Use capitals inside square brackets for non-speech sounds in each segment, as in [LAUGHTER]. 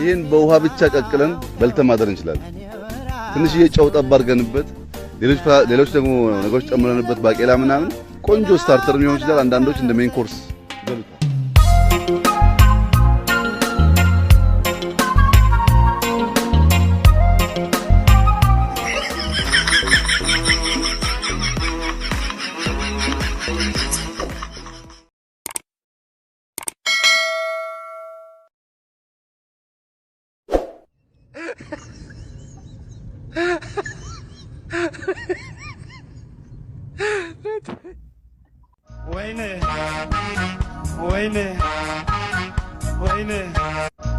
ይህን በውሃ ብቻ ቀቅለን በልተን ማደር እንችላለን። ትንሽዬ ጨው ጠብ አድርገንበት፣ ሌሎች ደግሞ ነገሮች ጨምረንበት ባቄላ ምናምን ቆንጆ ስታርተር ሊሆን ይችላል። አንዳንዶች እንደ ሜን ኮርስ Wayne, Wayne,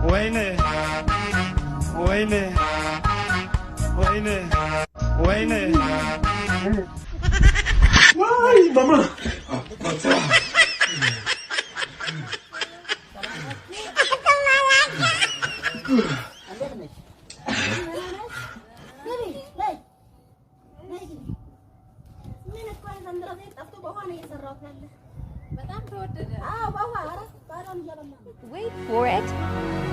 Wayne, Why, mama? Ah, Ah, Wait for it.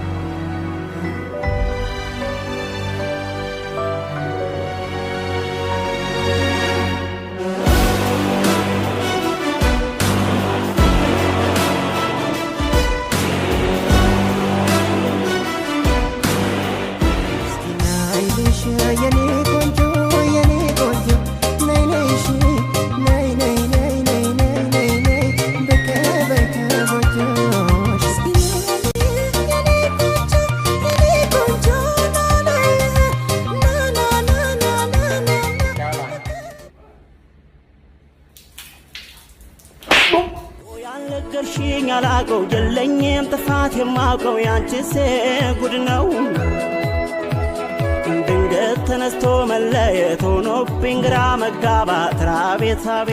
የማውቀው ያንቺሴ ጉድ ነው። ድንገት ተነስቶ መለየት ሆኖብኝ ግራ መጋባት ራቤት ሳቤ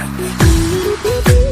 Thank you.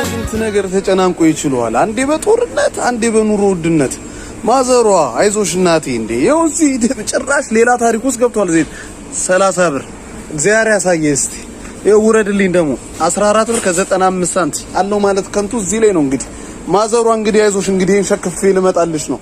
ስንት ነገር ተጨናንቆ ይችለዋል። አንዴ በጦርነት አንዴ በኑሮ ውድነት ማዘሯ አይዞሽ እናቴ እንዴ ያው እዚህ ጭራሽ ሌላ ታሪክ ውስጥ ገብቷል። ዘይት 30 ብር እግዚአብሔር ያሳየ እስቲ ይኸው ውረድልኝ ደግሞ 14 ብር ከ95 ሳንቲም አለው ማለት ከንቱ እዚህ ላይ ነው እንግዲህ ማዘሯ እንግዲህ አይዞሽ እንግዲህ ሸክፌ ልመጣልሽ ነው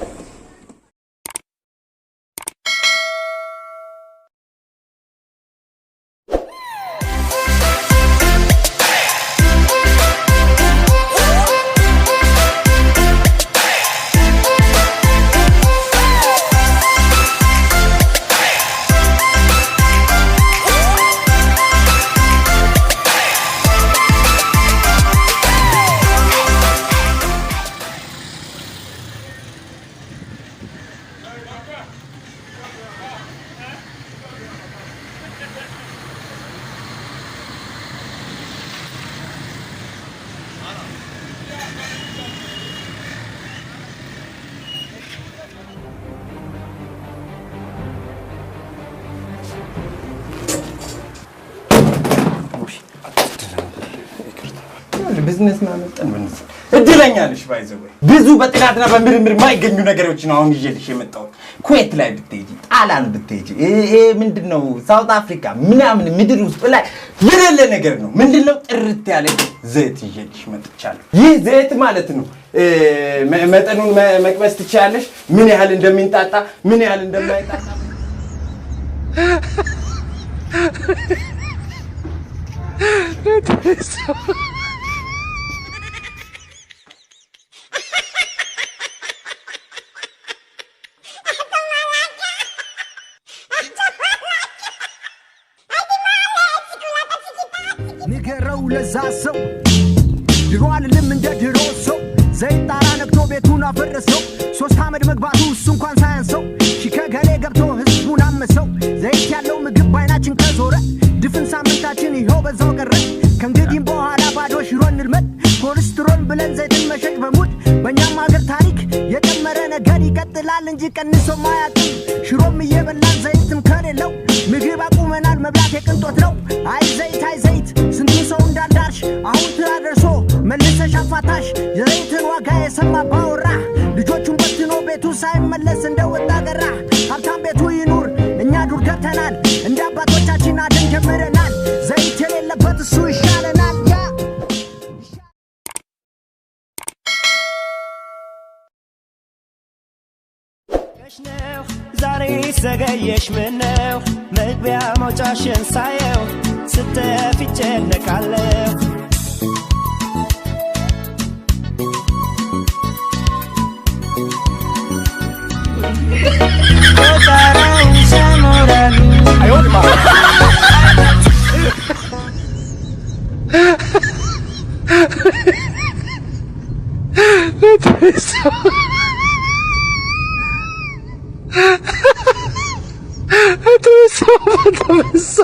ቢዝነስ ማመጣን እድለኛ ነሽ። ብዙ በጥናትና በምርምር የማይገኙ ነገሮች ነው አሁን ይዤልሽ የመጣሁት። ኩዌት ላይ ብትሄጂ፣ ጣላን ብትሄጂ፣ ይሄ ሳውት አፍሪካ ምናምን ምድር ውስጥ ላይ የሌለ ነገር ነው። ጥርት ያለ ዘይት ይዤልሽ መጥቻለሁ። ይህ ዘይት ማለት ነው መጠኑን መቅመስ ትችያለሽ፣ ምን ያህል እንደሚንጣጣ ምን ያህል እንደማይጣጣ [LAUGHS] ንገረው ለዛ ሰው ድሮ አልልም እንደ ድሮ ሰው ዘይት ጣራ ነክቶ ቤቱን አፈረሰው ሶስት አመድ መግባቱ እሱ እንኳን ሳያንሰው ሺከገሌ ገብቶ ህዝቡን አመሰው ዘይት ያለው ምግብ በአይናችን ከዞረ ድፍን ሳምንታችን ይኸው በዛው ቀረ ከእንግዲህም በኋላ ባዶ ሽሮ እንልመድ ኮሌስትሮል ብለን ዘይትን መሸጥ በሙድ በእኛም ሀገር ታሪክ የጨመረ ነገር ይቀጥላል እንጂ ቀንሶም አያውቅም። ሽሮም እየበላን ዘይትም ከሌለው ምግብ አቁመናል፣ መብላት የቅንጦት ነው። አይ ዘይት አይ ዘይት አሁን ትዳር ደርሶ መልሰሽ አፋታሽ የሬትን ዋጋ የሰማ ባወራ ልጆቹን በትኖ ቤቱ ሳይመለስ እንደወጣ ገራ ሀብታም ቤቱ ይኑር እኛ ዱር ገብተናል። እንደ አባቶቻችን አደን ጀምረናል። ዘይት የሌለበት እሱ ይሻለናል። ያ ዛሬ ምነው መግቢያ መውጫሽን ሳየው ስተፊቼ ጨነቃለሁ 哎呦我的妈！哈哈哈哈哈哈！哈哈，太爽！哈哈哈哈哈，太爽了，他们仨。